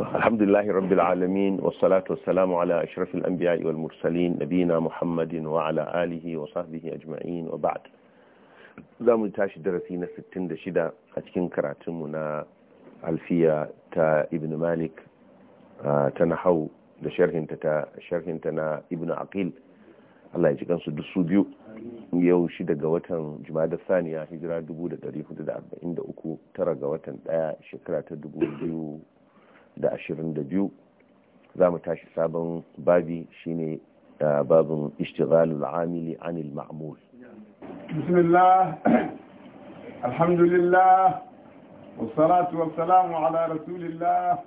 الحمد لله ala العالمين والصلاة والسلام على أشرف muhammadin والمرسلين نبينا محمد وعلى آله وصحبه أجمعين وبعد za mu tashi darasi na 66 a cikin karatunmu na alfiya ta ibn malik ta nahau da sharhinta na ibnu akil Allah ya ji kansu duk biyu yau shi daga watan jumada saniya hijira 1443 tara ga watan daya shekara ta 2000 da ashirin da biyu za mu tashi sabon babi shine babin ishtigalul amili anil ma'amul bismillah alhamdulillah wassalatu wassalamu ala rasulillah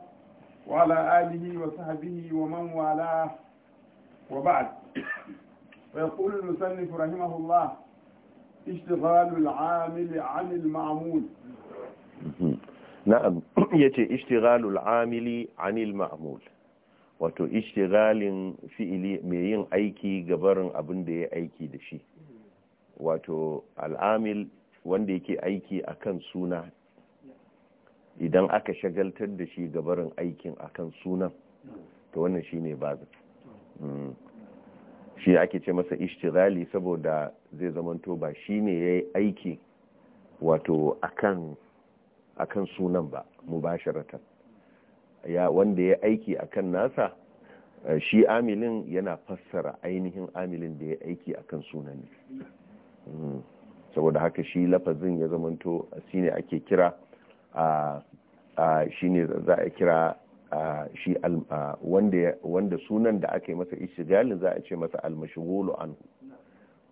wa ala alihi wa sahbihi wa man wala wa ba'd ويقول المصنف رحمه الله اشتغال العامل عن المعمول na'am yace ishtighalul amili anil ma'mul wato ishtighalin fi'ili mai yin aiki ga abin da ya aiki da shi wato al'amil wanda yake aiki akan suna idan aka shagaltar da shi ga aikin akan suna to wannan shine baza mm. shi ake ce masa ishtighali saboda zai zamanto ba shine yayi aiki wato akan akan sunan ba mubasharata ya wanda ya aiki akan nasa eh, shi amilin yana fassara ainihin amilin da ya aiki akan sunan hmm. saboda haka shi lafazin ya zamanto shine ake kira a shine za a kira shi wanda sunan da aka yi masa ishigalin za a ce masa almashigolo an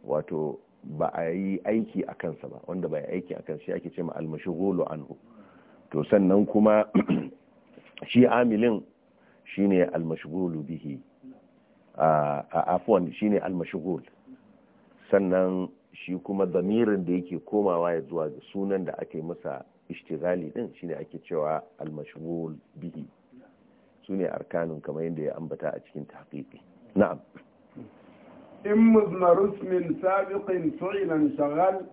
wato ba a yi aiki a kansa ba wanda ba yi aiki a kansa shi ake ce ma almashigolo anhu to sannan kuma shi amilin shine almashghulu bihi a afwan shine almashghul sannan shi kuma zamirin da yake komawa ya zuwa ga sunan da ake masa ishtigali din shine ake cewa almashghul bihi sune arkanun kamar yadda ya ambata a cikin tahqiqi na'am in muzmar ismin sabiqin fa'ilan shagal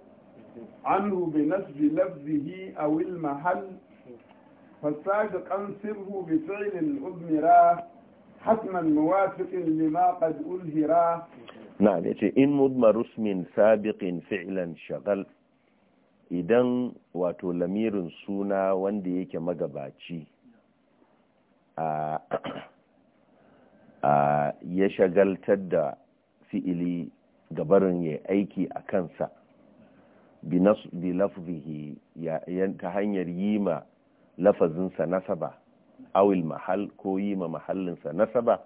anhu bi lafzihi aw al mahall فالسابق أنصبه بفعل أضمرا حتما موافق لما قد ألهرا نعم يتي إن مضمر اسم سابق فعلا شغل idan wato lamirin suna wanda yake magabaci a ya shagaltar da fi'ili gabarin ya aiki a kansa bi lafzihi ta hanyar yi ma lafazinsa nasaba awil mahal ko yi ma mahallinsa nasaba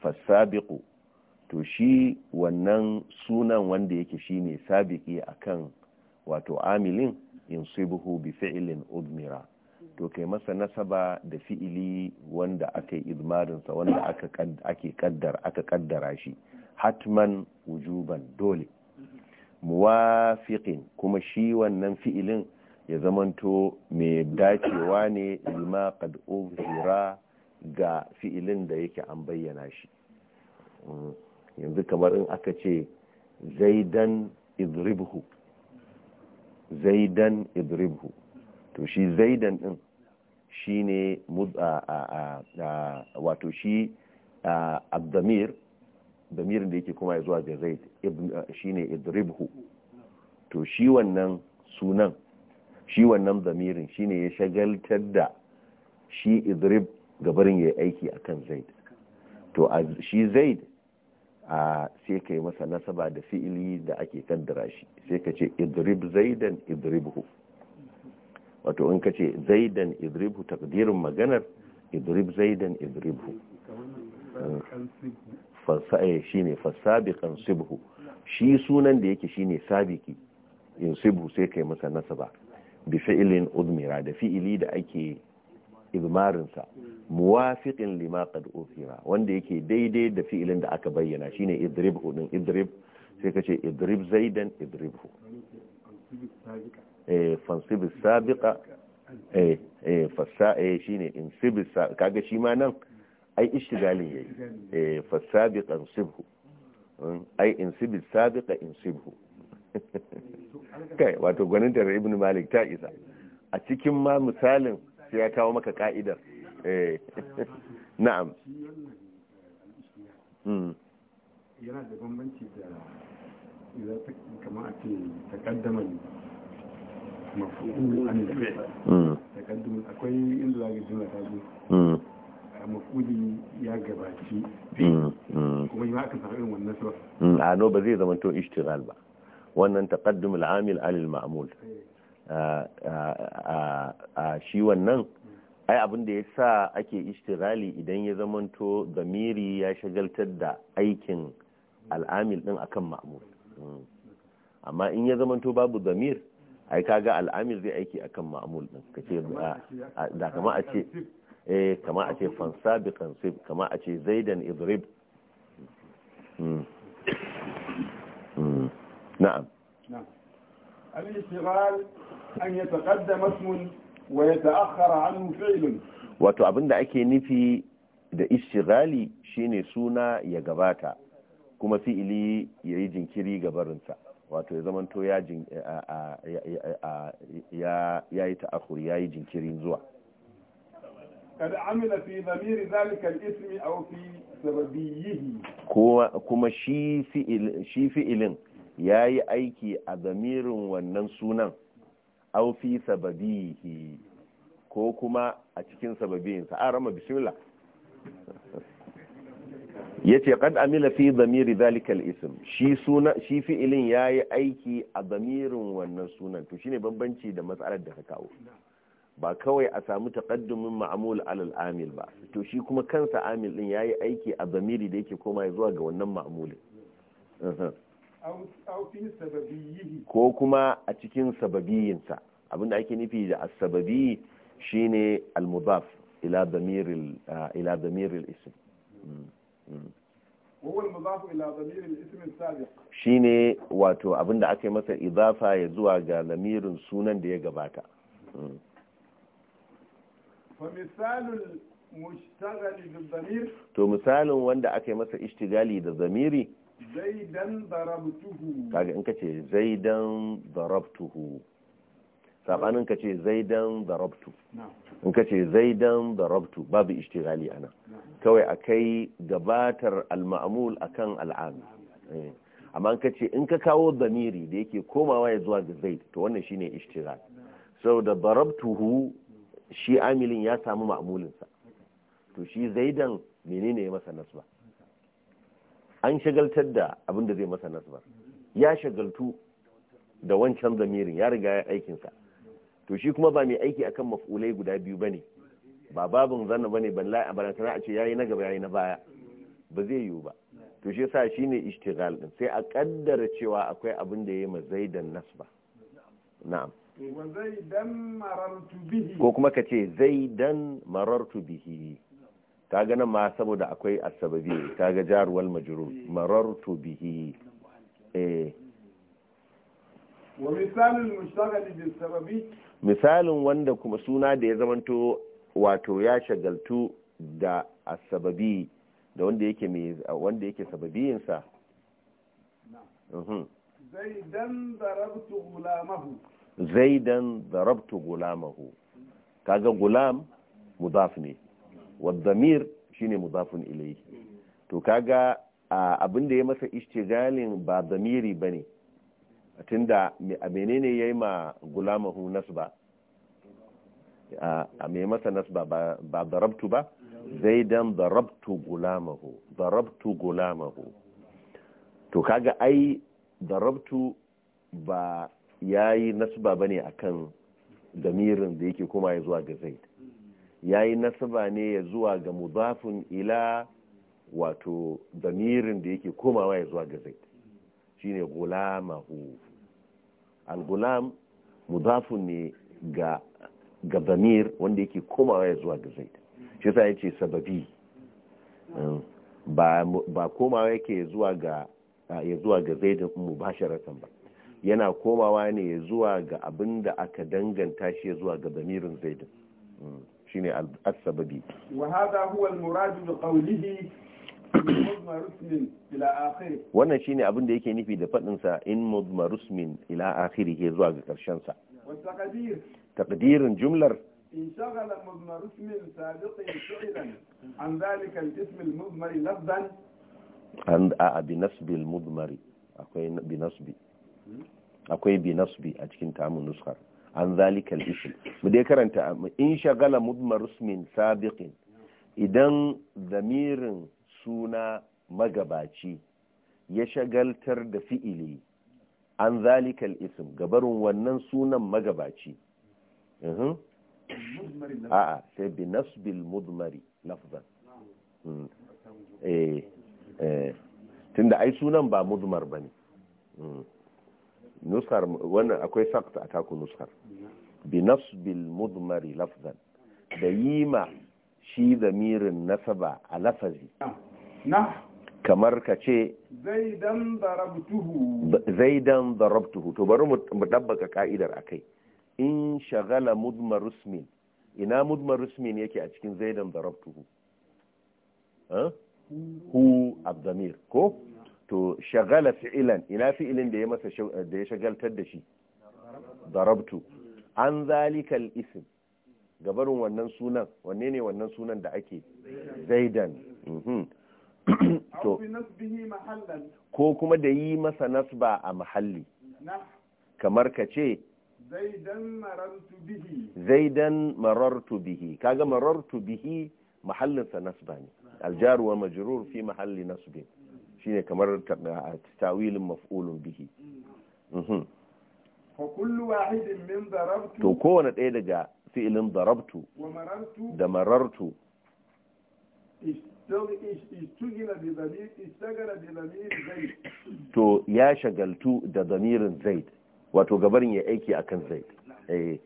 fasabiqu to shi wannan sunan wanda yake shine sabiki akan wato amilin insibuhu bi fi'lin udmira to kai masa nasaba da fi'ili wanda aka yi idmarinsa wanda ake kaddar aka kaddara shi hatman wujuban dole muwafiqin kuma shi wannan fi'ilin ya zamanto mai dacewa ne lima qad uzhira ga fi'ilin da yake an bayyana shi mm. yanzu kamar in aka ce zaidan idribhu zaidan idribhu to shi zaidan din shi ne wato shi abdamir damirin da yake kuma ya zuwa ga zaid shi ne idribhu to shi wannan sunan shi wannan zamirin ne ya shagaltar da shi idrib gabarin ya yi aiki kan zaid to a shi zaid a sai ka yi masa nasaba da fi'ili da ake kan shi sai ka ce idrib zaidan idribhu wato in ka ce zaidan idribhu takdirin maganar idrib zaidan idribhu eh, shi ne fasabiqan sibhu shi sunan da yake shi ne sabiki in sibhu sai yi masa nasaba bi fi'ilin udmira da fi'ili da ake idmarinsa muwafiqin lima qad uthira wanda yake daidai da fi'ilin da aka bayyana shine idrib din idrib sai kace idrib zaidan idribhu eh fansib sabiqa eh eh fasa eh shine insib kaga shi ma nan ai ishtigalin yayi eh fasabiqan sibhu hmm, ai insib sabiqa insibhu kai wato gwanintar ibn malik ta isa a cikin ma misalin sai ya kawo maka ka'idar eh. na'am hmm. yana da bambanci da kamar a ce takaddaman mafi'ul an hmm. takaddaman akwai inda za ga jimla ta zo hmm. mafuli ya gabaci kuma yi ma aka sarari wannan sabab a no ba zai zama to ishtiral ba wannan taqaddum al-amil alil ma'amul, a shi wannan ai abin da ya sa ake ishtirali idan ya zamanto zamiri ya shagaltar da aikin al'amil din akan ma'amul, hmm. amma in ya zamanto babu zamir ai kaga al'amil zai aiki akan ma'amul din kace da kama a ce eh kama a ce eh, kama a ce zaidan idrib hmm. na'am al-ishtighal an yataqaddama ismun wa yata'akhkhara anhu fi'lun wato abinda ake nufi da ishtighali shine suna ya gabata kuma fi'ili yayi jinkiri ga barinsa wato ya zamanto ya ya yayi ta'akhur yayi jinkirin zuwa قد عمل في ضمير ذلك الاسم او في سببيه كما شي فعل شي ya yi aiki a zamirin wannan sunan aufi sababihi ko kuma a cikin sababinsa a rama bisimila. ya ce kan amila fi zamiri zalikal isim shi fi'ilin ya yi aiki a zamirin wannan sunan to shine bambanci da matsalar da ka kawo ba kawai a samu taƙaddumin ma'amul alal amil ba to shi kuma kansa amil din ya yi aiki a zamiri da yake koma zuwa ga wannan ma'amulin ko kuma a cikin sababiyinsa abinda ake nufi da asababi shine al-mudaf ila damiril ah, ila damiril ism mm, mm. shine wato abinda aka yi masa idafa ya zuwa ga lamirin sunan da ya gabata mm. to misalin wanda aka yi masa ishtigali da zamiri zaidan darabtuhu kaga in kace zaidan darabtuhu sabanin kace zaidan darabtu in kace zaidan darabtu babu ishtigali ana kawai akai gabatar al-ma'mul akan al-'am eh, amma in kace in ka kawo zamiri da yake komawa ya zuwa ga zaid to wannan shine ishtigal saboda darabtuhu shi amilin ya samu ma'mulinsa to shi zaidan menene ya masa nasba an shagaltar da abin da zai masa nasbar ya shagaltu da wancan zamirin ya riga ya aikinsa to shi kuma ba mai aiki akan maf'ulai guda biyu ba ne ba babin zanna ba ne balla a barantana a ce yayi na gaba yayi na baya ba zai yiwu ba to shi yasa shine ishtigal din sai a kaddara cewa akwai abin da yayi da nasba na'am ko kuma ka ce zaidan marartu bihi kaga nan ma saboda akwai asababi kaga jaruwal majrur marartu bihi eh wa misalul mushtaghal bil sababi misalin wanda kuma suna da ya zamanto wato ya shagaltu da asababi da wanda yake mai wanda yake sababiyin sa mhm. zaidan darabtu gulamahu zaidan darabtu gulamahu kaga gulam mudaf ne wadhamir shine muzafin ilai to kaga abin da ya masa ishtigalin ba zamiri bane tunda a menene yayi ma gulamahu nasba a mai masa nasba ba darabtu ba zaidan darabtu gulamahu darabtu gulamahu to kaga ai darabtu ba yayi nasba bane akan zamirin da yake koma ya zuwa ga zaid Ya yi nasaba ne ya zuwa ga mudafin ila wato damirin da yake komawa ya zuwa ga zaid shine gulamahu al-gulam mudafun ne ga ga damir wanda yake komawa ya zuwa ga zaid shi yasa yace sababi um, ba ba komawa yake zuwa ga ya zuwa ga zaid mubasharatan ba yana komawa ne ya zuwa ga abin da aka danganta shi ya zuwa ga damirin zaidin um, shine ne sababi wa al-murad bi qawlihi wannan shine abin da yake nufi da faɗin sa in mudmarusmin ila akhirih zuwa ga karshen sa taqdirin jumlar انشغل مضمر اسم سابق فعلا عن ذلك الاسم المضمر لفظا عن بنصب المضمر بنصب بنصب a cikin tamun nuskar an zalikal al mu dai karanta in shagala mudmar ismin sabiqin idan zamirin suna magabaci ya shagaltar da fi'ili an zalikal ism gabarin wannan sunan magabaci a'a sai bi nasbil mudmari lafzan hmm. eh, eh tunda ai sunan ba mudmar bane hmm. nuskar wannan akwai sakta a taku nuskar bi nasbil mudmari lafzan da yi ma shi zamirin nasaba a lafazi kamar ka ce zaidan darabtuhu to bari mu dabbaka ka'idar kai. in shagala mudmar rusmin ina mudmar rusmin yake a cikin zaidan darabtuhu hu abdamir ko to shagala fi'ilan ina fi'ilin da ya masa da ya shagaltar da shi darabtu an zalikal ism gabarin wannan sunan wanne ne wannan sunan da ake zaidan mhm. ko kuma da yi masa nasba a mahalli kamar ka ce zaidan marartu bihi kaga marartu bihi mahallinsa nasba ne aljaruwa majrur fi mahalli nasbin shine kamar tawilin maf'ulun bihi mhm. to kowane ɗaya daga fi'ilin darabtu da marartu to ya shagaltu da damirin zaid wato gabarin ya aiki akan zaid eh,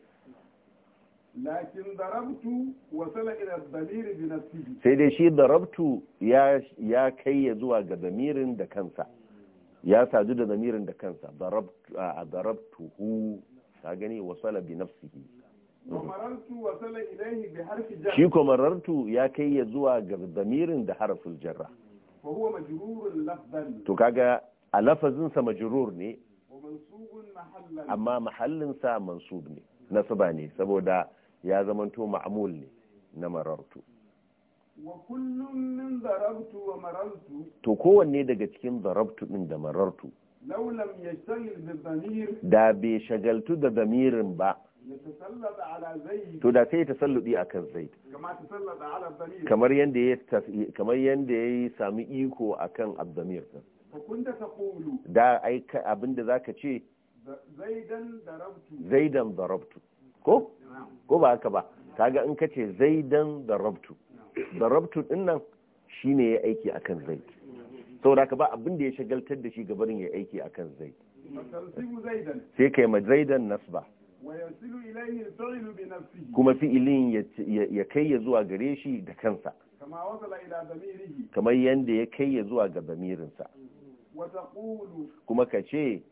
lakin darabtu wasala ila damiri bi nafsihi sai dai shi darabtu ya ya kai ya zuwa ga damirin da kansa ya sadu da damirin da kansa darabtu a darabtuhu ka gani wasala bi nafsihi shi ko ya kai ya zuwa ga damirin da harafin jarra to kaga a lafazinsa majrur ne amma mahallinsa mansub ne nasaba ne saboda ya zamanto ma'amul ne na marartu wa kullum min darabtu marartu to kowanne daga cikin darabtu ɗin da marartu laulam yashtagil bi damir da bai shagaltu da damirin ba to da sai ya ta a kan zai. kamar yanda ya kamar yadda ya sami iko a akan abdamir din da ai abinda zaka ce zaidan darabtu ko ko ba haka ba kaga in kace zaidan da rabtu da rabtu din nan shine ya aiki akan zaid saboda ka ba abin da ya shagaltar da shi gabarin ya aiki akan zaid sai kai ma zaidan nasba kuma fi'ilin ya kai ya zuwa gare shi da kansa kamar yadda ya kai ya zuwa ga damirinsa kuma ka ce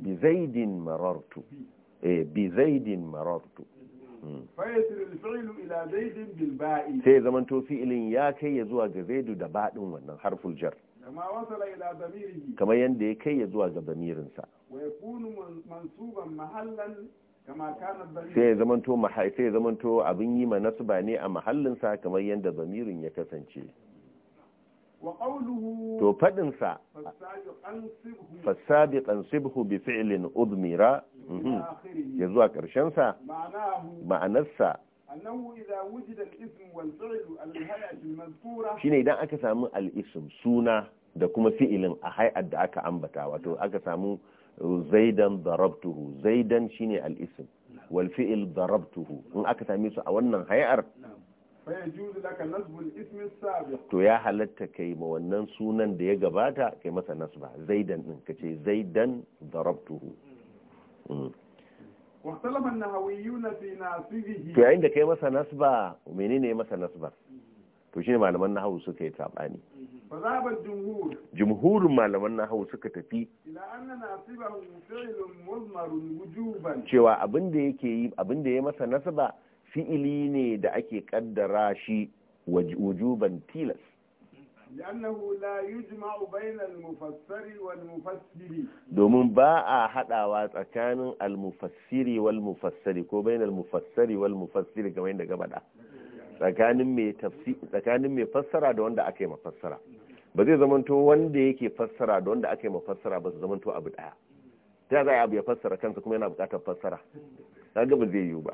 bi zaidin marartu Eh, bi zaidin marartu hmm. sai zaman to fi'ilin ya kai ya zuwa ga zaidu da baɗin wannan harful jar kamar yadda ya kai ya zuwa ga damirinsa sai ya zamanto sai ya zamanto abin yi ma nasba ne a mahallinsa kamar yadda damirin ya kasance to faɗinsa fasabi ƙansibhu bi fi'lin udmira ya zuwa ƙarshensa ma'anarsa shine idan aka samu al'isim suna da kuma fi'ilin a hai'ar da aka ambata wato aka samu zaidan darabtuhu zaidan shine al'isim wal fi'il darabtuhu in aka same su a wannan hai'ar to ya halatta kai ma wannan sunan da ya gabata kai masa nasba zaidan din kace zaidan darabtuhu Mm. to yayin da kai masa nasba menene masa nasba to ne malaman suka yi sabani jumhurin malaman na nahawu suka tafi cewa abin da yake yi abin da ya masa nasba fi'ili ne da ake kaddara shi wujuban tilas لأنه لا يجمع بين المفسر والمفسر دومن باء حداوا تكان المفسر والمفسر كو بين المفسر والمفسر كما عند غبدا tsakanin mai tafsir tsakanin mai fassara da wanda aka yi mafassara ba zai zamanto wanda yake fassara da wanda aka yi mafassara ba su zamanto abu daya ta za a abu ya fassara kansa kuma yana bukatar fassara kaga ba zai yiwu ba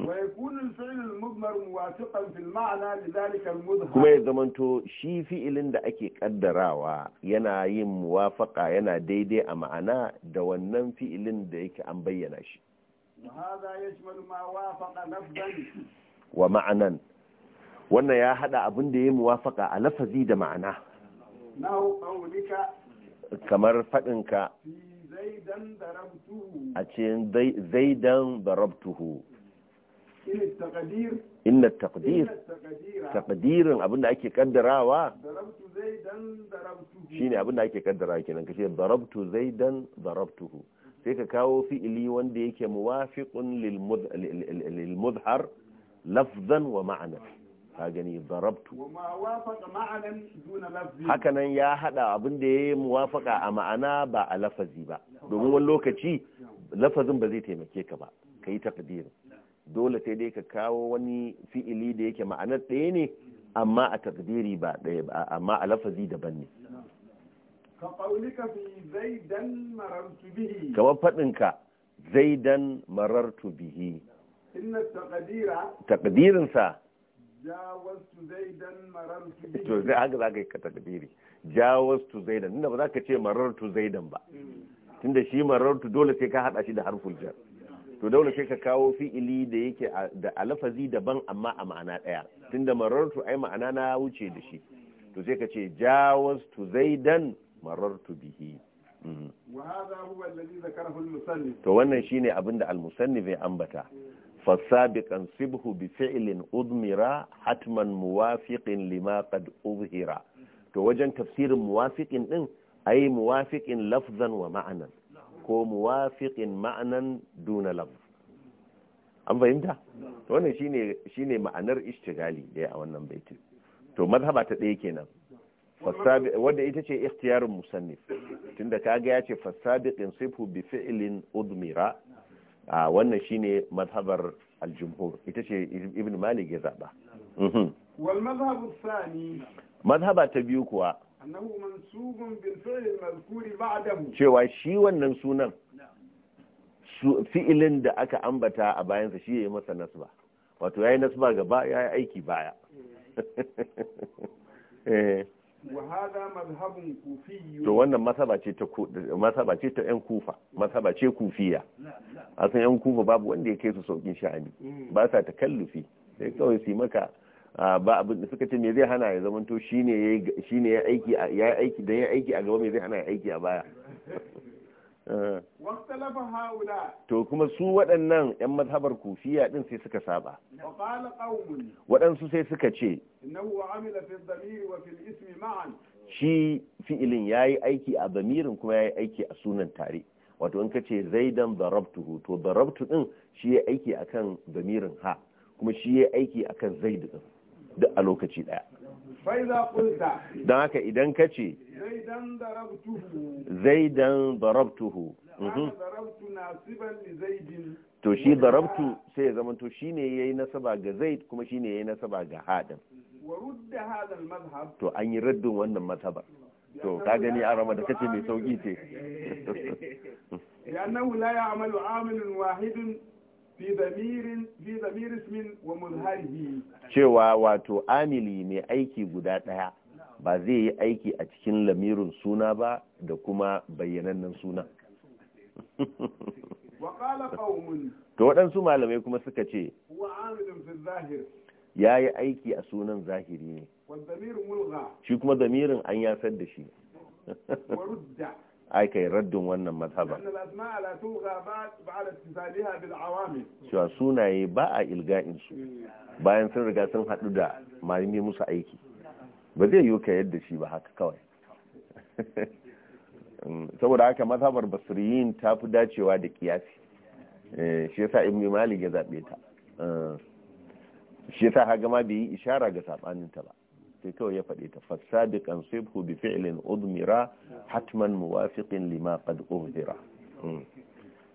ويكون الفعل المضمر موافقا في المعنى لذلك المظهر kuma ya zamanto shi fi'ilin da ake ƙaddarawa yana yin muwafaka yana daidai a ma'ana da wannan fi'ilin da yake an bayyana shi wa ma'anan wannan ya haɗa abin da ya muwafaka a lafazi da ma'ana kamar faɗinka a cikin zaidan darabtuhu inna taqdir taqdirin abinda ake kaddarawa shine abinda ake kaddarawa kenan kace darabtu zaidan darabtuhu sai ka kawo fi'ili wanda yake muwafiqun lil mudhar lafzan wa ma'ana ka gani darabtu haka nan ya hada abinda yayi muwafaka a ma'ana ba a lafazi ba domin wani lokaci lafazin ba zai taimake ka ba kai taqdirin dole sai dai ka kawo wani fi'ili da yake ma'anar ɗaya ne amma a takdiri ba ɗaya ba amma a lafazi daban ne kamar faɗinka zaidan marartu bihi takdirinsa to zai haka za ka yi ka takdiri jawastu zaidan inda ba za ka ce marartu zaidan ba mm. tunda shi marartu dole sai ka haɗa shi da harful jar to dole sai ka kawo fi'ili da yake da alafazi daban amma a ma'ana ɗaya tunda marartu ai ma'ana na wuce da shi to sai ka ce jawaz tu zaidan marartu bihi mm-hmm. to wannan shine abin da al ya ambata sibhu bi filin أضمر حتما موافق lima قد أظهر to wajen tafsirin muwafiqin din ai muwafiqin lafzan wa ma'anan ko muwafiqin ma'anan duna lab. an fahimta wannan shine shine ma'anar istighali da a wannan baitin to mazhaba ta ɗaya kenan wanda ita ce ikhtiyarun musannif tunda kaga ya ce fasabiqin sifu bi fi'lin udmira a wannan shine mazhabar aljumhur ita ce ibn malik ya zaba mhm. wal mazhabu thani mazhaba ta biyu kuwa cewa shi wannan sunan fi'ilin da aka ambata a bayansa shi ya yi masa nasba wato ya yi nasba gaba ya yi aiki baya eh. to wannan masaba ce ta yan kufa masaba ce kufiya a san yan kufa babu wanda ya kai su saukin sha'ani mm. ba sa ta kallufi sai kawai su yi maka ba abin suka ce me zai hana ya zamanto shine shine ya aiki ya aiki da ya aiki a gaba me zai hana ya aiki a baya eh. to kuma su waɗannan 'yan mazhabar kufiya ɗin sai suka saba waɗansu sai suka ce shi fi'ilin ya yi aiki a zamirin kuma ya yi aiki a sunan tare wato in ka ce zaidan darabtuhu to barabtu ɗin shi ya aiki akan zamirin ha kuma shi ya aiki akan zaidu ɗin duk a lokaci daya don haka idan ka ce zaidan darabtuhu mhm. to shi darabtu sai ya zama to shi ne ya yi nasaba ga zaid kuma shi ne ya yi nasaba ga haɗin to an yi raddin wannan matsabar. to ka gani a rama da kace mai sauki ce cewa wato amili mai aiki guda ɗaya ba zai yi aiki a cikin lamirin suna ba da kuma bayyanannen suna to waɗansu malamai kuma suka ce ya yi aiki a sunan zahiri ne shi kuma zamirin an yasar da shi aika raddin wannan mazhaba cewa sunaye ba a ilga'in su bayan sun riga sun haɗu da malami musu aiki ba zai yi ka yadda shi ba haka kawai saboda haka mazhabar basiriyin ta fi dacewa da kiyasi eh, shi yasa ibn malik ya zaɓe ta eh, shi yasa haga ma bai yi ishara ga saɓaninta ba sai kawai ya faɗe ta kan sai ku bi fi'ilin udmira hatman muwafiqin lima qad uhdira hmm.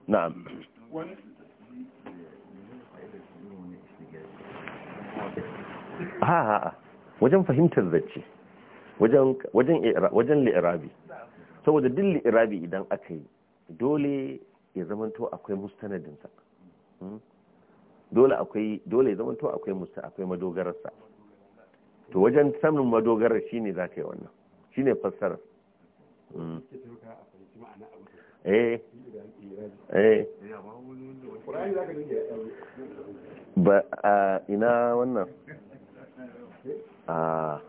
na'am ha ha wajen fahimtar zacce wajen wajen li'irabi saboda duk li'irabi idan aka yi dole ya to akwai mustanadinsa hmm. dole akwai dole ya to akwai musta akwai madogararsa to wajen samun madogara ne za ka yi wannan shi ne fassara mm. eh. eh. ba a ina wannan a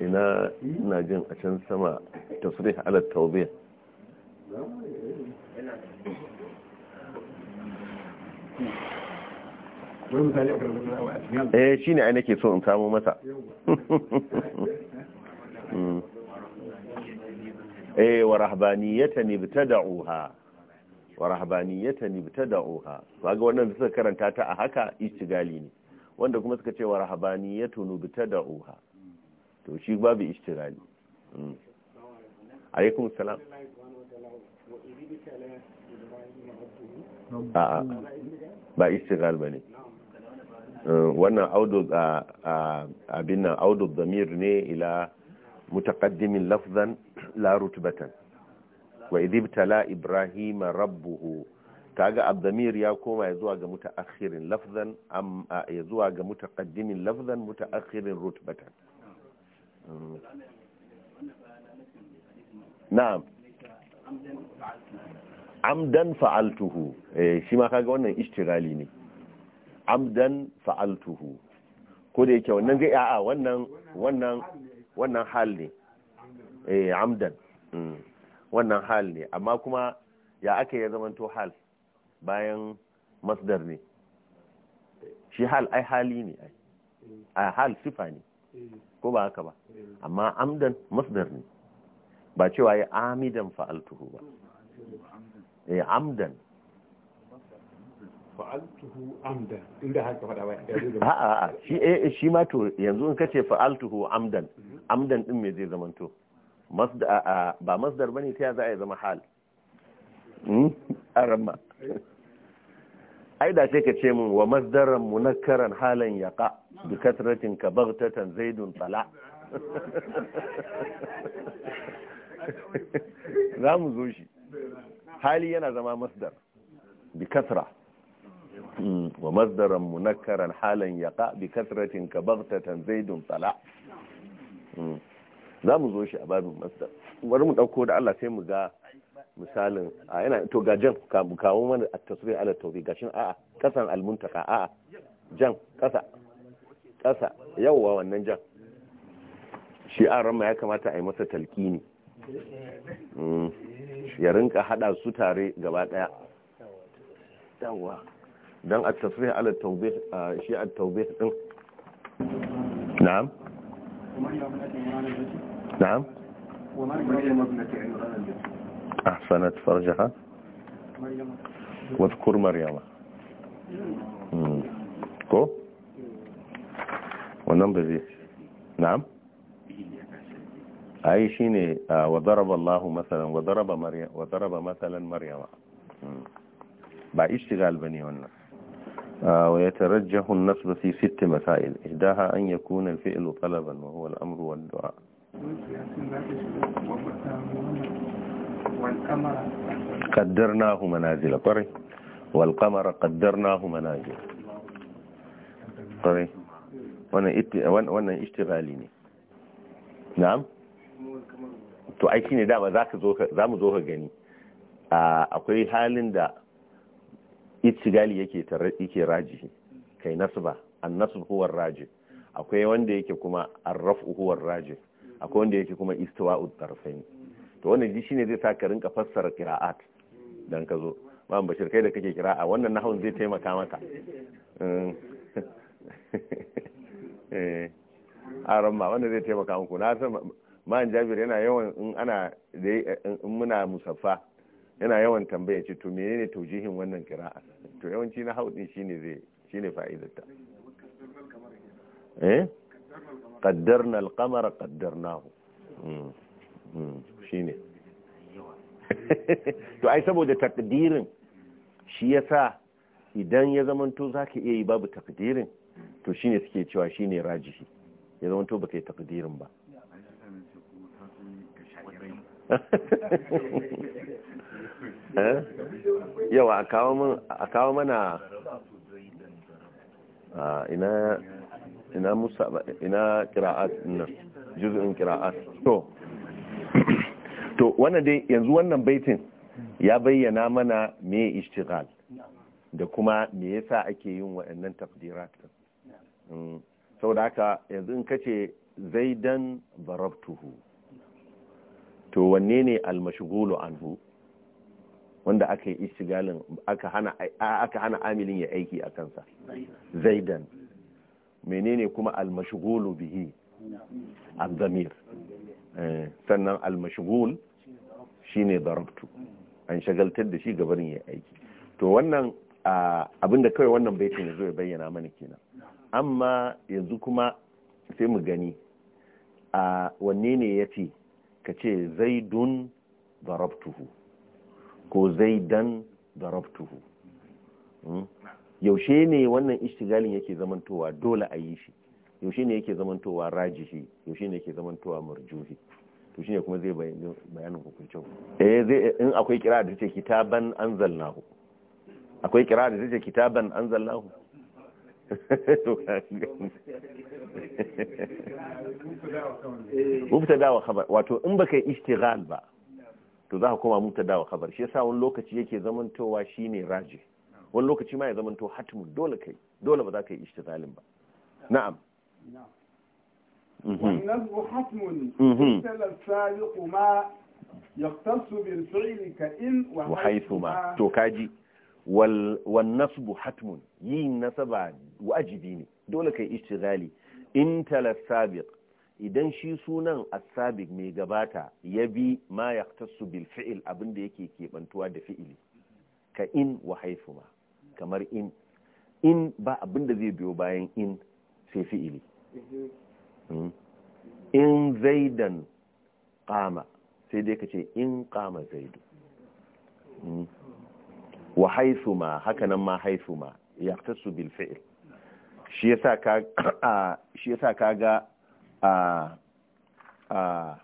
ina ina jin a can sama tasrih ala tawbih eh shi ne ainihin ke so in samu masa eh wa rahbaniyatan ibtada'uha wa da ibtada'uha ba ga wannan suka karanta ta a haka istigali ne wanda kuma suka ce wa da ibtada'uha to shi babu istigali mm. alaikun salam a'a ba ne wannan audud a abin nan audud zamir ne ila mutaqaddimin lafzan la rutbatan wa idibtala ibrahim rabbuhu kaga abdamir ya koma ya zuwa ga mutaakhirin lafzan am ya zuwa ga mutaqaddimin lafzan mutaakhirin rutbatan na'am amdan fa'altuhu eh shi ma kaga wannan ishtigali ne amdan fa'altuhu ko da yake wannan zai a'a wannan wannan wannan hal ne eh amdan mm. wannan hal ne amma kuma ya aka yi zamanto hal bayan masdar ne shi hal ai hali ne ai a hal sifa ne ko ba haka ba amma amdan masdar ne ba cewa ya amidan fa'altuhu ba eh amdan fa'altuhu amdan inda haka faɗa ba a'a shi eh, eh, shi ma to yanzu in kace fa'altuhu amdan amdan din me zai zamanto masdar ba masdar bane ta za a zama hal hmm? arama ai da sai ka ce min wa masdaran munakkaran halan yaqa bi kasratin ka baghtatan zaidun tala za mu zo shi hali yana zama masdar bi kasra Hmm. wa منكرا حالا يقع بكثرة كبغتة زيد ka baghtatan zaidun tala hmm. za mu zo shi a babin masdar bari mu dauko da Allah sai mu ga misalin a yana to ga jan kawo mana a tasiri ala ga gashin a'a kasan almuntaka a'a jan kasa kasa yawwa wannan jan shi a ranma ya kamata a yi masa talkini hmm. ya rinka hada su tare gaba daya yawwa دان التصريح على التوضيح شيء التوضيح نعم نعم نعم أحسنت فرجها واذكر مريم كو ونم نعم أي شيني وضرب الله مثلا وضرب مريم وضرب مثلا مريم با اشتغال بني ويترجح النصب في ست مسائل إحداها أن يكون الفعل طلبا وهو الأمر والدعاء قدرناه منازل قري والقمر قدرناه منازل قري wannan ishtigali ne na'am to aiki ne dama za mu zo ka gani akwai halin da itigali yake yake raji kai nasba an-nasb huwa raji akwai wanda yake kuma arrafu huwa raji akwai wanda yake kuma istiwa'u tarfain to wannan shi ne zai sa ka rinka fassara qira'at dan ka zo ba bashir kai da kake qira'a wannan nahawun zai taimaka maka eh aramma eh. ah, wannan zai taimaka muku na san ma'an jabir yana yawan in ana in muna musaffa yana yawan tambaya ce to menene taujihin wannan kira'a to yawanci na haudin shine zai shine fa'idarta eh qaddarna al-qamara qaddarnahu hmm. Hmm. shine to ai saboda takdirin shi yasa idan ya zamanto zaka iya yi babu takdirin to shine suke cewa shine rajihi ya zamanto baka yi takdirin ba Eh? yau a kawo mana a ina musa ina kira'at nan juz'in kira'at to to wannan dai yanzu wannan baitin ya bayyana mana me ishtighal da kuma me yasa ake yin waɗannan tafdirat din mm, saboda haka yanzu in kace zaidan Barabtuhu? to wanne ne almashghulu anhu wanda aka yi istigalin aka hana amilin ya aiki a kansa zaidan menene kuma al bihi al zamir eh, sannan al shi shine darabtu an shagaltar da shi gabanin ya aiki to wannan abinda kawai wannan baitin zo ya bayyana mana kenan amma yanzu kuma sai mu gani a wanne ne ya ce ka ce zaidun darabtuhu ko zai da darabtuhu hmm? yaushe ne wannan ishtigalin yake zamantowa dole a yi shi yaushe ne yake zamantowa rajihi yaushe ne yake zamantowa marjuhi to shine kuma zai bayanin hukuncin eh zai in akwai kira da take kitaban anzalnahu akwai kira da take kitaban anzalnahu mubtada wa khabar wato in baka ishtigal ba to za ka koma mubtada dawa kabar shi yasa wani lokaci yake zamantowa shine raji wani lokaci ma ya zamanto hatimu dole kai dole ba za ka yi zalim ba na'am والنصب حتم مثل السابق ما يختص بالفعل كإن وحيثما تو كاجي والنصب حتم يين nasaba wajibi ne dole kai ishtigali in tala sabiq idan shi sunan asabik mai gabata ya bi ma ya tasu bil abin abinda yake keɓantuwa da fi'ili ka in wa haifuma kamar in in ba abinda zai biyo bayan in sai fi'ili hmm? in zaidan kama sai dai ka ce in kama zaidu hmm? wa haifuma hakanan ma haifuma ya tasu bil fi'il shi yasa ka ga a a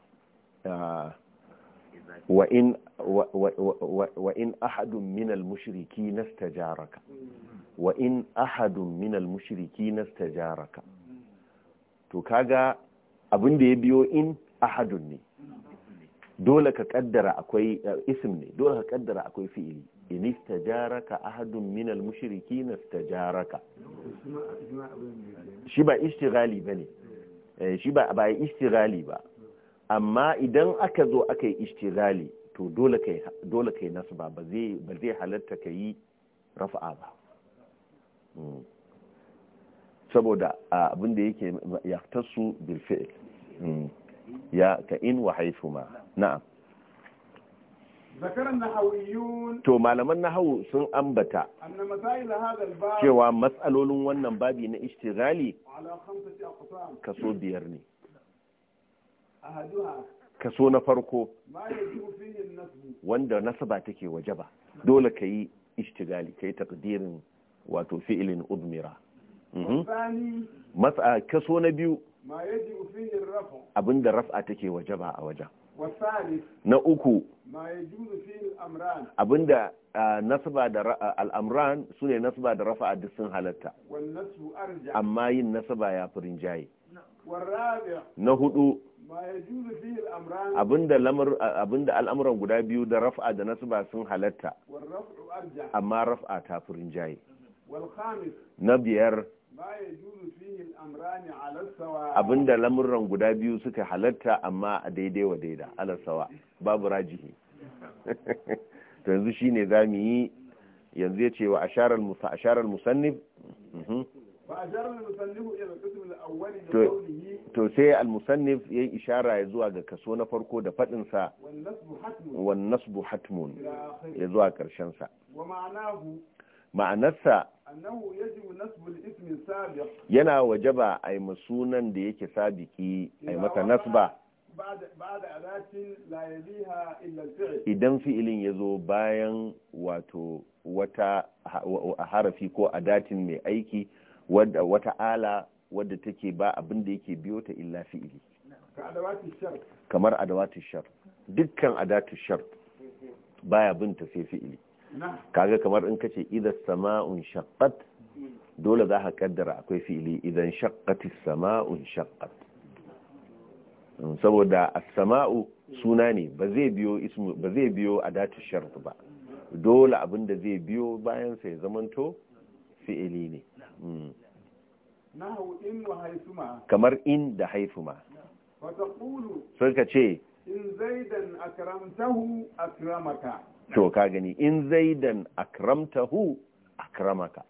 wa in wa in ahadun minal mushriki nastajaraka wa in ahadun minal mushriki nastajaraka to kaga abin da ya biyo in ahadun ne dole ka kaddara akwai eh, ism ne dole ka kaddara akwai fi'ili in istajaraka ahadun minal mushriki nastajaraka shi ba istighali bane Eh, shi ba a baya istirali ba amma idan aka zo aka yi istirali to dole ka yi nasu ba zai ba zai halatta yi rafa'a ba hmm. saboda abinda yake yaftasu su hmm. ya ka in wa ma na'am To malaman nahawu sun ambata cewa matsalolin wannan babi na ishtigali kaso biyar ne. Kaso na farko wanda nasaba take waje ba, dole ka yi ishtigali ka yi takdirin wato fi'ilin udmira. Mhm. Kaso na biyu abinda raf'a take waje ba a wajen. Na uku abinda nasaba da al'amran su ne nasaba da rafa'a duk sun halatta amma yin nasaba ya fi rinjaye na hudu abinda al'amuran guda biyu da rafa'a da nasaba sun halatta amma rafa'a ta fi rinjaye na biyar abinda lamurran guda biyu suka halatta amma a daidai wa daida alasawa babu rajihi yanzu shi ne za mu yi yanzu ya ce wa asharar musannif mhm. to sai al-musannif ya yi ishara ya zuwa ga kaso na farko da faɗinsa wan nasbu hatmun ya zuwa ƙarshensa ma'anarsa yana wajaba a yi masunan da yake sabiki a yi mata nasba idan fi'ilin ya zo bayan wato wata harafi ko a datin mai aiki wata ala wadda take ba abin da yake biyo ta illa fi'ili kamar adawati shar dukkan adati shar baya bin ta sai fi'ili kaga kamar in kace idan sama'un shaqqat hmm. dole za ka kaddara akwai fi'ili idan shaqqatis sama'un shaqqat saboda asama'u samau suna ne ba zai biyo a ba zai shart ba dole abin da zai biyo bayan sai zamanto fi'ili ne hmm. kamar in da haifuma suka ce in zaidan akramtahu akramaka to ka gani in zaidan akramtahu akramaka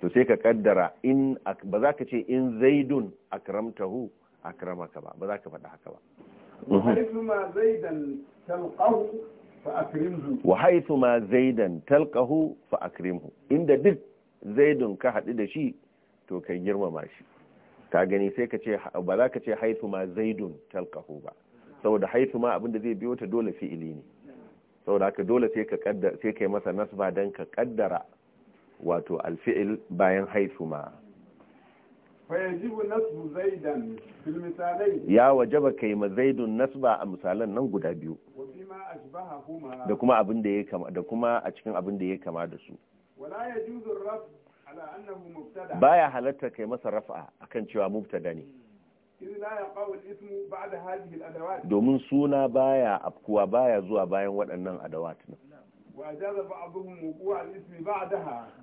to sai ka kaddara in ba za ka ce in zaidun akramtahu akramaka ba ba za ka faɗa haka ba wa haithu ma zaidan talqahu fa akrimhu inda duk zaidun ka haɗu da shi to kai girmama shi ka gani sai ka ce ba za ka ce haithu ma zaidun talqahu ba saboda haithu ma abinda zai biyo ta dole fi'ili ne saboda haka dole sai ka kaddara sai kai masa nasba dan ka kaddara wato alfi'il bayan haithu ma ya wajaba ka yi mazaidun nasba a misalan nan guda biyu da kuma abin da ya kama da kuma a cikin abin da ya kama da su baya halatta kai masa rafa akan cewa mubtada ne domin suna baya afkuwa baya zuwa bayan waɗannan adawat nan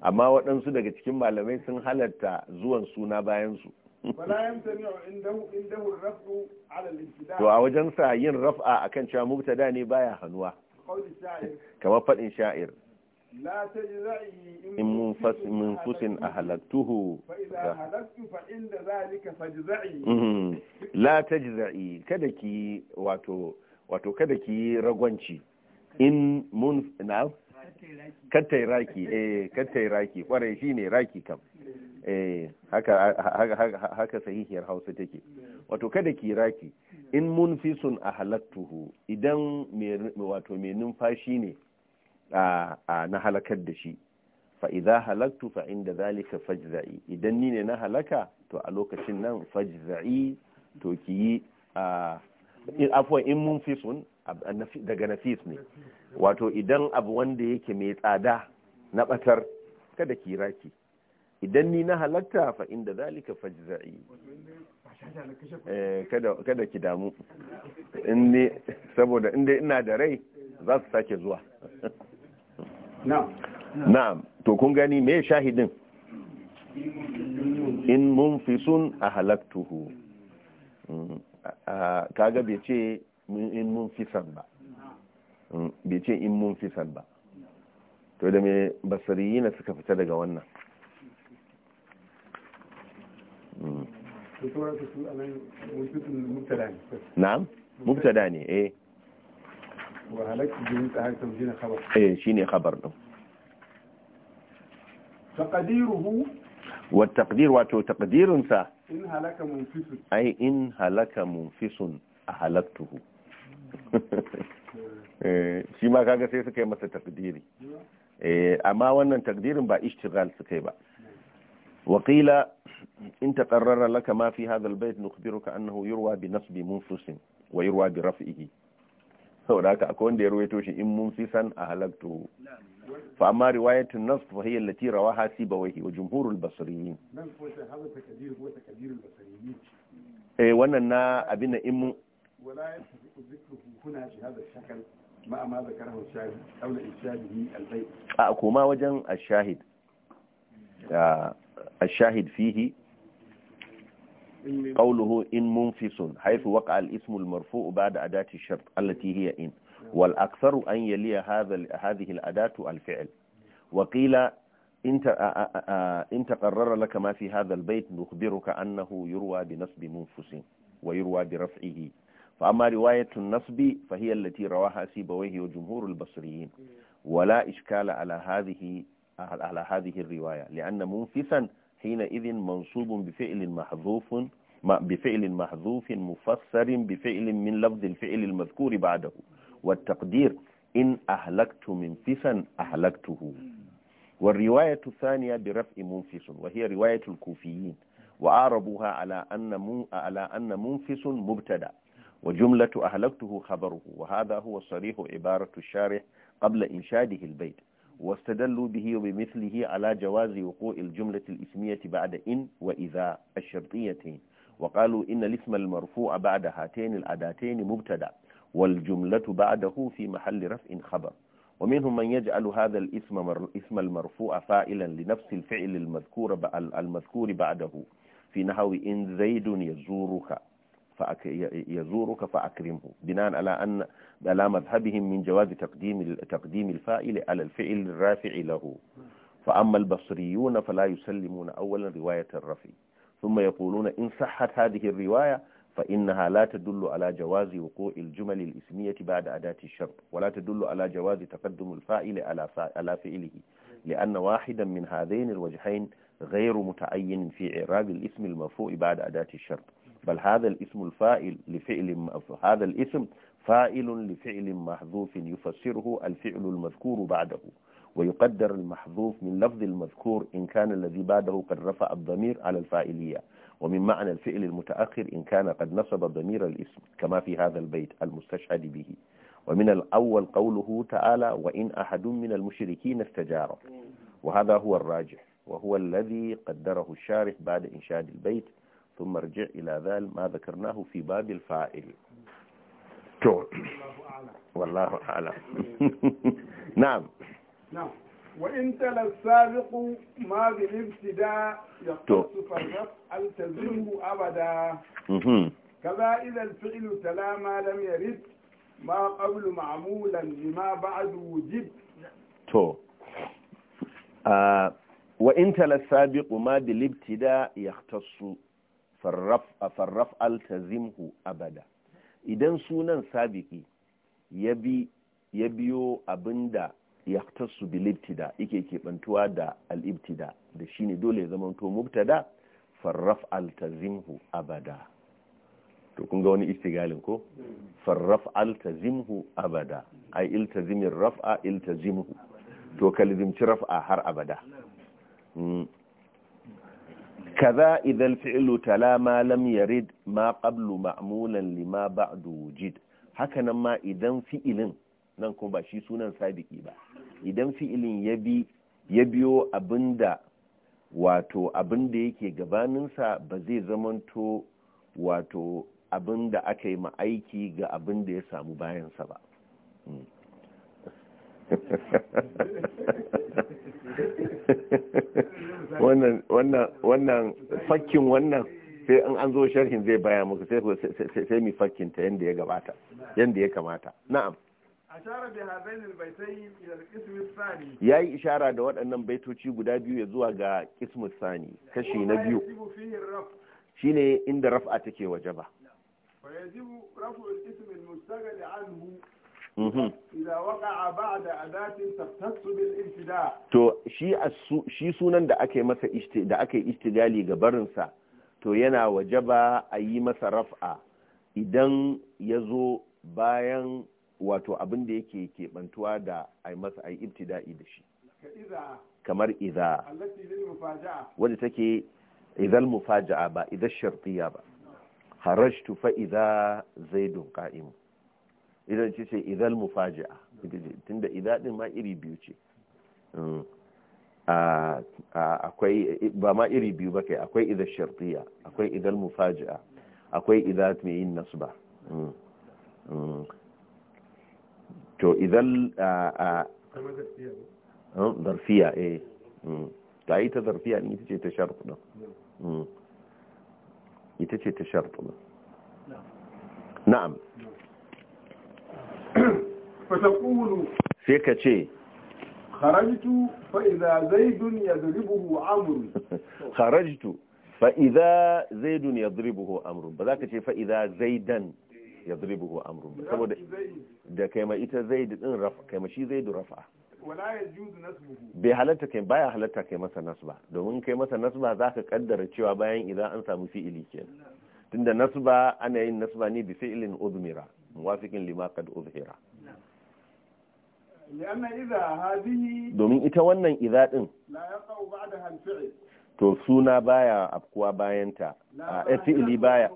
amma waɗansu daga cikin malamai sun halatta zuwan suna bayan su to a wajen sa yin raf'a kan cewa mubtada ne baya hannuwa kamar faɗin sha'ir in mun min fusin a halaktuhu mhm. la tajza'i kada ki wato kada ki ragwanci in mun na kattai raki eh kattai raki kwarai shine raki kam eh haka haka haka sahihiyar Hausa take wato kada ki raki in mun fi a ahlattuhu idan me wato me numfashi ne a na halakar da shi fa idza halaktu fa inda zalika fajza'i idan ni ne na halaka to a lokacin nan fajza'i to ki yi afwan in mun fi sun. daga nafis ne wato idan abu wanda yake mai tsada na batar kada ki raki idan ni na halatta fa inda zalika fajza'i eh, kada ki damu saboda inda ina da rai za su sake zuwa na to kun gani me shahidin in mun fi sun mm. a halaktuhu kaga bai ce in mun san ba mm, bai ce in mun fisan ba to da me na suka fita daga wannan mm. na'am da ne eh wa halaktu bi mutahar na khabar eh shine khabar ɗin. Taƙadiruhu. wa taƙadiru wato taƙadirunsa in halaka munfisun ai in halaka a ahalaktuhu Eh, shi ma kaga sai suka yi masa takdiri eh, amma wannan takdirin ba ishtigal suka yi ba Wakila in taqarrara laka ma fi hadha bayt nukhbiruka annahu yurwa bi nasbi munfusin wa yurwa bi raf'ihi saboda haka akwai wanda ya ruwaito shi in munfisan a halaktu fa amma riwayatun nasb fa hiya allati rawaha sibawayhi wa jumhurul basriyin nan ko sai hadha takdir ko takdirul basriyin eh wannan na abin in ولا يستحق ذكره هنا بهذا الشكل مع ما ذكره الشاهد او لانشاده البيت ما وجن الشاهد آه، الشاهد فيه قوله إن منفس حيث وقع الاسم المرفوع بعد أداة الشرط التي هي إن والأكثر أن يلي هذا هذه الأداة الفعل وقيل آه، آه، إن تقرر لك ما في هذا البيت نخبرك أنه يروى بنصب منفس ويروى برفعه فأما رواية النصب فهي التي رواها سيبويه وجمهور البصريين ولا إشكال على هذه على هذه الرواية لأن منفسا حينئذ منصوب بفعل محذوف بفعل محذوف مفسر بفعل من لفظ الفعل المذكور بعده والتقدير إن أهلكت منفسا أهلكته والرواية الثانية برفع منفس وهي رواية الكوفيين وأعربوها على أن على أن منفس مبتدأ وجملة أهلكته خبره وهذا هو صريح عبارة الشارح قبل إنشاده البيت واستدلوا به وبمثله على جواز وقوع الجملة الإسمية بعد إن وإذا الشرطيتين وقالوا إن الاسم المرفوع بعد هاتين العداتين مبتدع والجملة بعده في محل رفع خبر ومنهم من يجعل هذا الاسم اسم المرفوع فائلا لنفس الفعل المذكور المذكور بعده في نحو إن زيد يزورك يزورك فأكرمه بناء على أن على مذهبهم من جواز تقديم تقديم الفاعل على الفعل الرافع له فأما البصريون فلا يسلمون أولا رواية الرفي ثم يقولون إن صحت هذه الرواية فإنها لا تدل على جواز وقوع الجمل الإسمية بعد أداة الشرط ولا تدل على جواز تقدم الفاعل على على فعله لأن واحدا من هذين الوجهين غير متعين في إعراب الاسم المرفوع بعد أداة الشرط بل هذا الاسم الفاعل لفعل هذا الاسم فاعل لفعل محذوف يفسره الفعل المذكور بعده ويقدر المحذوف من لفظ المذكور إن كان الذي بعده قد رفع الضمير على الفاعلية ومن معنى الفعل المتأخر إن كان قد نصب ضمير الاسم كما في هذا البيت المستشهد به ومن الأول قوله تعالى وإن أحد من المشركين استجارك وهذا هو الراجح وهو الذي قدره الشارح بعد إنشاد البيت ثم ارجع إلى ذلك ما ذكرناه في باب الفائل والله أعلم نعم نعم وإن تلا السابق ما بالابتداء يقتص فالرفع التزمه أبدا كذا إذا الفعل تلا ما لم يرد ما قبل معمولا لما بعد وجد تو آه، وإن تلا السابق ما بالابتداء يختص farraf altazimhu abada idan sunan sabiki ya biyo abinda ya tasu bilibtida yake kebantuwa da al'ibtida da shine dole ya zamanto mubtada farraf altazimhu abada to kun ga wani istigalin ko farraf altazimhu abada ai iltazimin raf'a iltazimhu to kalizimci raf'a har abada hmm. kaza idan fi'lu tala ma lam yarid ma qablu ma'mulan lima ba'du wujid hakanan ma idan fi'ilin nan kuma ba shi sunan sabiki ba idan fi'ilin ya bi ya biyo abinda wato abinda yake gabaninsa ba zai zamanto wato abinda aka yi ma aiki ga abinda ya samu bayansa ba hmm. wannan wannan wannan fakkin wannan sai an an zo sharhin zai baya muku sai sai mi fakkin ta yanda ya gabata yanda ya kamata na'am ya yi ishara da waɗannan baitoci guda biyu ya zuwa ga qism sani kashi na biyu shine inda raf'a take waje ba Mhm. إذا a ba أداة da بالابتداء تو شي شي sunan da ake masa da ake istigali ga barinsa to yana waje ba a yi masa raf'a idan ya zo bayan wato abin da yake keɓantuwa da a yi masa a yi ibtida'i da shi kamar iza wadda take izal mufaja'a ba idar shartiya ba harajtu fa iza zaidun qa'imu idan ce ce idan mufaji'a tunda idan din ma iri biyu ce mm. akwai ba ma iri biyu ba kai akwai idan shartiya akwai idan mufaji'a akwai idan mai yin ba mm. mm. to idan hmm, zarfiya eh ta yi ta zarfiya ne ita ce ta ɗan ita ce ta ɗan na'am فتقول sai ka ce فإذا زيد يضربه عمر خرجت فإذا زيد يضربه بذلك فإذا ba za ka ce fa idza zaidan زيد إن رفع da kai ma رفع bai halatta kai baya halatta kai masa nasba domin kai masa nasba za ka kaddara cewa bayan idan an samu fi'ili kenan tunda nasba ana yin nasba ne bi fi'ilin udmira muwafiqin lima qad domin ita wannan idza to suna baya afkuwa bayanta a fi'ili baya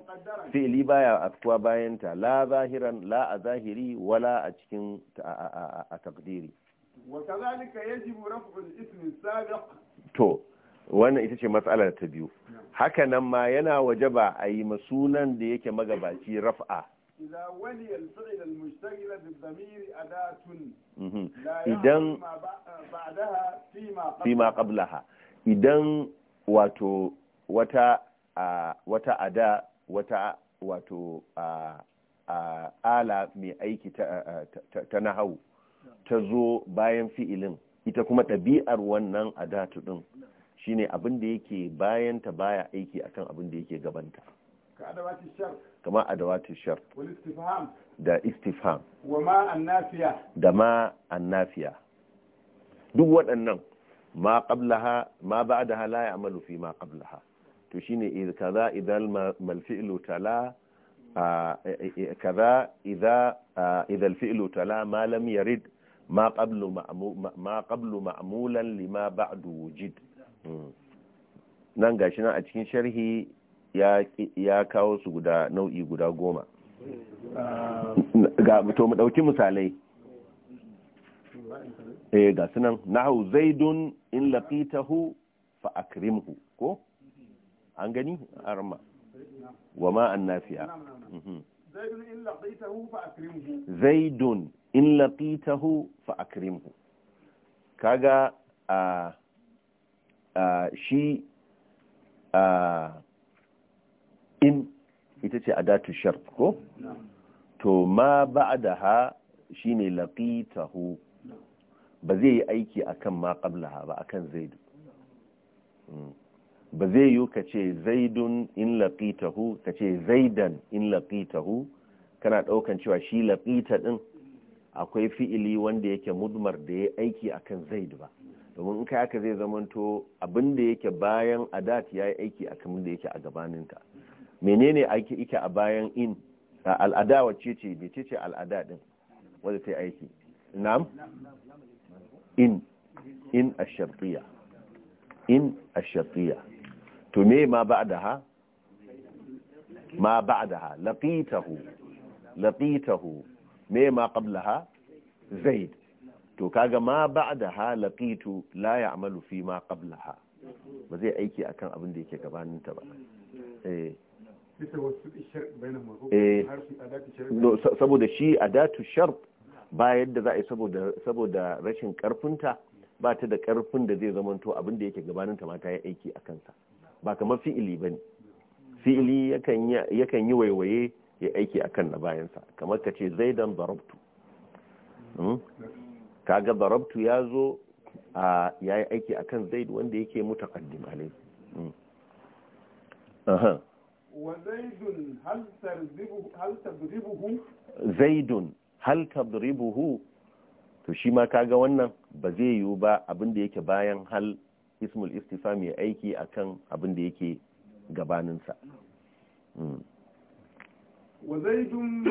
fi'ili baya afkuwa bayanta la zahiran la a zahiri wala a cikin a takdiri to wannan ita ce matsalar ta biyu haka nan ma yana wajaba a yi masunan da yake magabaci raf'a idan idan الفعل المشتغل بالضمير أداة لا wata ada wata ala mai aiki ta hau ta zo bayan fi'ilin ita kuma ɗabi'ar wannan adatu ɗin shine abin da yake bayan ta baya aiki akan abin da yake gabanta. Ka kama adawati shar da istifham da ma annafiya duk waɗannan ma qablaha ma ba'daha la ya'malu ma qablaha to shine idh kaza idhal mal fi'lu tala e, e, e, kaza yarid ma qablu ma qablu ma'mulan lima ba'du wujid hmm. nan gashi a cikin sharhi ya kawo su guda nau'i guda goma ah. ga to mu ɗauki misalai eh ga sunan nahu zaidun in laqitahu fa akrimhu ko an gani arma wa ma an nafi'a mhm. zaidun in laqitahu fa akrimhu kaga a ah, ah, shi a in ita ce adatu shart ko to ma ba da ba'daha shine hu? ba zai yi aiki akan ma ha ba akan zaid hmm. ba zai yi ka ce zaidun in hu? ka ce zaidan in hu? kana ɗaukan cewa shi laƙita din akwai fi'ili wanda yake mudmar da ya aiki akan zaid ba domin in kai zai zamanto abinda yake bayan adat ya yi aiki akan da yake a gabaninka. menene aiki ike a bayan in al'ada wacce ce bai ce al'ada din wadda ta aiki na'am in in shafiya in shafiya to me ma ba da ha? ma ba da ba'daha laqitahu laqitahu me ma ha? zaid to kaga ma ba da ha laqitu la ya'malu fi ma ha? ba zai aiki akan abin da yake gabaninta ba eh Eh, saboda shi adatu sharp ba yadda za a yi saboda rashin karfinta ba ta da karfin da zai zamanto abin da yake gabanin ta mata ya aiki a kansa ba kamar fi'ili ba ne fi'ili yakan yi waiwaye ya aiki a kan na bayansa kamar ka ce zaidan barabtu hmm? kaga barabtu ya zo ya yi aiki a kan zaid wanda yake mutaqaddim alai hmm. وزيد هل تضربه هل تضربه زيد هل تضربه to shi ma kaga wannan ba zai yiwu ba abin da yake bayan hal ismul istifam ya aiki akan abin da yake gabaninsa wa zaidun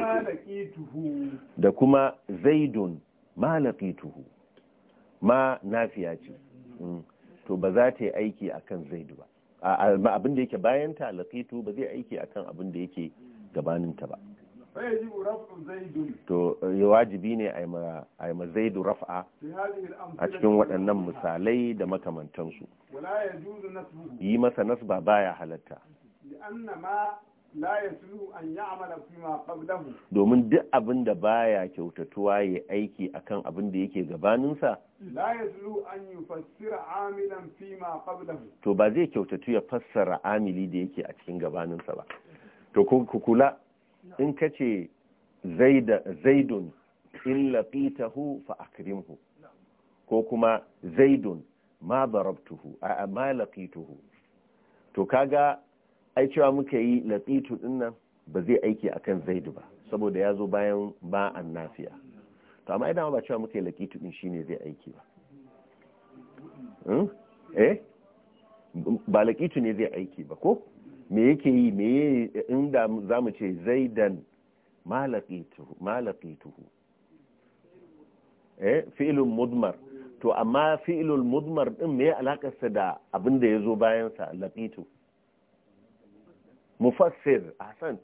da kuma zaidun malaqituhu ma nafiya ce to ba za ta yi aiki akan zaidu ba abin da yake bayan ta laqitu ba zai aiki akan abin da yake gabanin ta ba to ya eh, wajibi ne a yi mazaidu raf'a a cikin waɗannan misalai da makamantansu yi masa nasba baya halatta domin duk abin da baya kyautatuwa ya aiki akan abin da yake gabaninsa to ba zai kyautatu ya fassara amili da yake a cikin gabaninsa ba to kula in ka ce zaidun in laqitahu fa akrimhu ko kuma zaidun ma barabtuhu a ma laqituhu to kaga ai cewa muka yi latsitu din nan ba zai aiki akan zaidu ba saboda ya zo bayan ba an nafiya to amma idan ba cewa muka yi latsitu din shine zai aiki ba hmm? eh ba latsitu ne zai aiki ba ko me yake yi me inda za mu ce zaidan ma laqituhu eh fi'ilun mudmar to amma fi'ilun mudmar din me alakarsa da abin da zo zo bayansa mufassir ahsan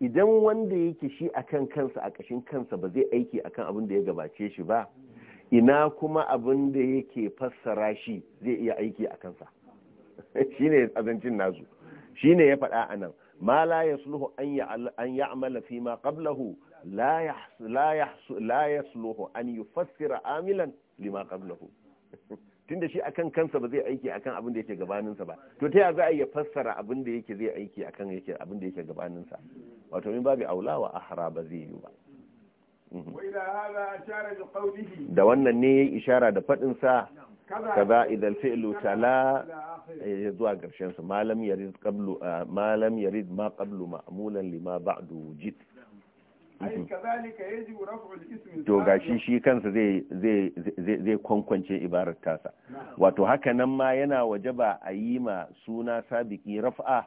idan wanda yake shi kan kansa a kashin kansa ba zai aiki akan abin da ya gabace shi ba ina kuma abin da yake fassara shi zai iya aiki a kansa shine azancin nasu shine ya faɗa nan. ma la yasluhu an ya'mala fi ma qablahu la yasluhu an yufassira amilan lima qablahu tunda shi akan kansa ba zai aiki akan abin da yake gabaninsa ba to ta za a iya fassara abin da yake zai aiki akan yake abin da yake gabaninsa wato min babu aula wa ahra ba zai yi ba mhm. da wannan ne ya ishara da faɗin sa kaza idan fi'lu tala eh, zuwa garshen su malam yarid qablu eh, malam yarid ma qablu ma'mulan lima ba'du wujid to gashi shi kansa zai kwankwance ibarar tasa wato haka nan ma yana wajaba a yi ma suna sabiki raf'a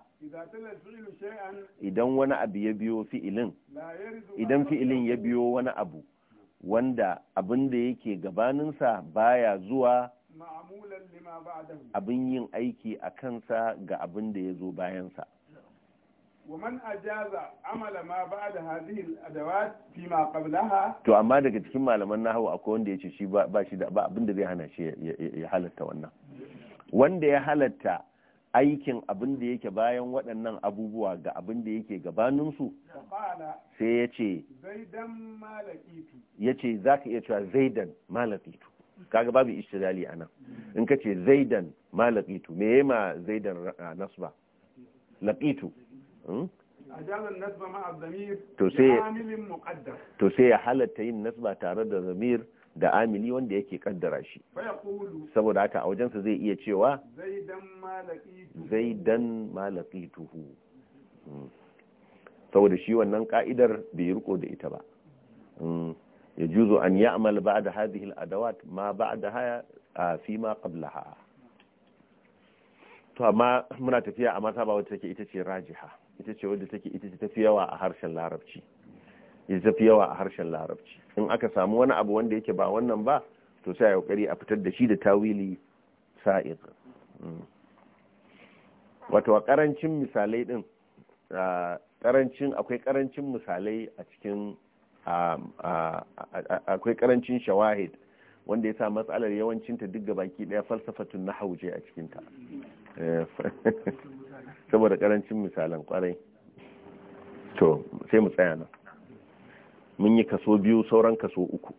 idan wani abu ya biyo fi'ilin idan fi'ilin ya biyo wani abu wanda abin da yake gabaninsa baya zuwa abin yin aiki a kansa ga abin da ya zo bayansa ومن أجاز عمل ما بعد هذه الأدوات فيما قبلها to amma daga cikin malaman nahawu akwai wanda yace shi ba ba shi da ba abinda zai hana shi ya halatta wannan wanda ya halatta aikin abin da yake bayan waɗannan abubuwa ga abin da yake gabaninsu sai ya ce ya ce za ka iya cewa zaidan malakitu kaga babu ishtirali a nan in ka ce zaidan malakitu me ya ma zaidan nasba laƙitu to sai ya halatta yin nasba tare da zamir da amili wanda yake kaddara shi saboda haka a wajensa zai iya cewa zai zaidan tuhu saboda shi wannan ka'idar bai riko da ita ba ya juzo an ba ba da al-adawat ma da haya fi ma ha. to amma muna tafiya a mata ba wacce ita ce rajiha ita ce wadda take ita ce tafi yawa a harshen larabci ita tafi yawa a harshen larabci in aka samu wani abu wanda yake ba wannan ba to sai ya kokari a fitar da shi da tawili sa'id mm. wato a karancin misalai din karancin akwai karancin misalai a cikin akwai karancin shawahid wanda ya sa matsalar yawancinta duk gabaki daya falsafatun na hauje a cikinta eh. saboda karancin misalan kwarai to sai mu tsaya nan mun yi kaso biyu sauran kaso uku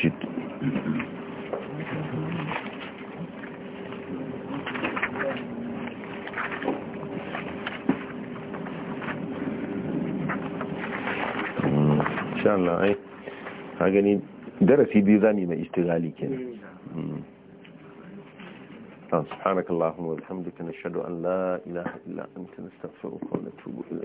جد inshallah ai a gani darasi biyu zami mai istighali kenan hmm. subhanakallahumma wa bihamdika nashhadu an la ilaha illa anta nastaghfiruka wa natubu ilayk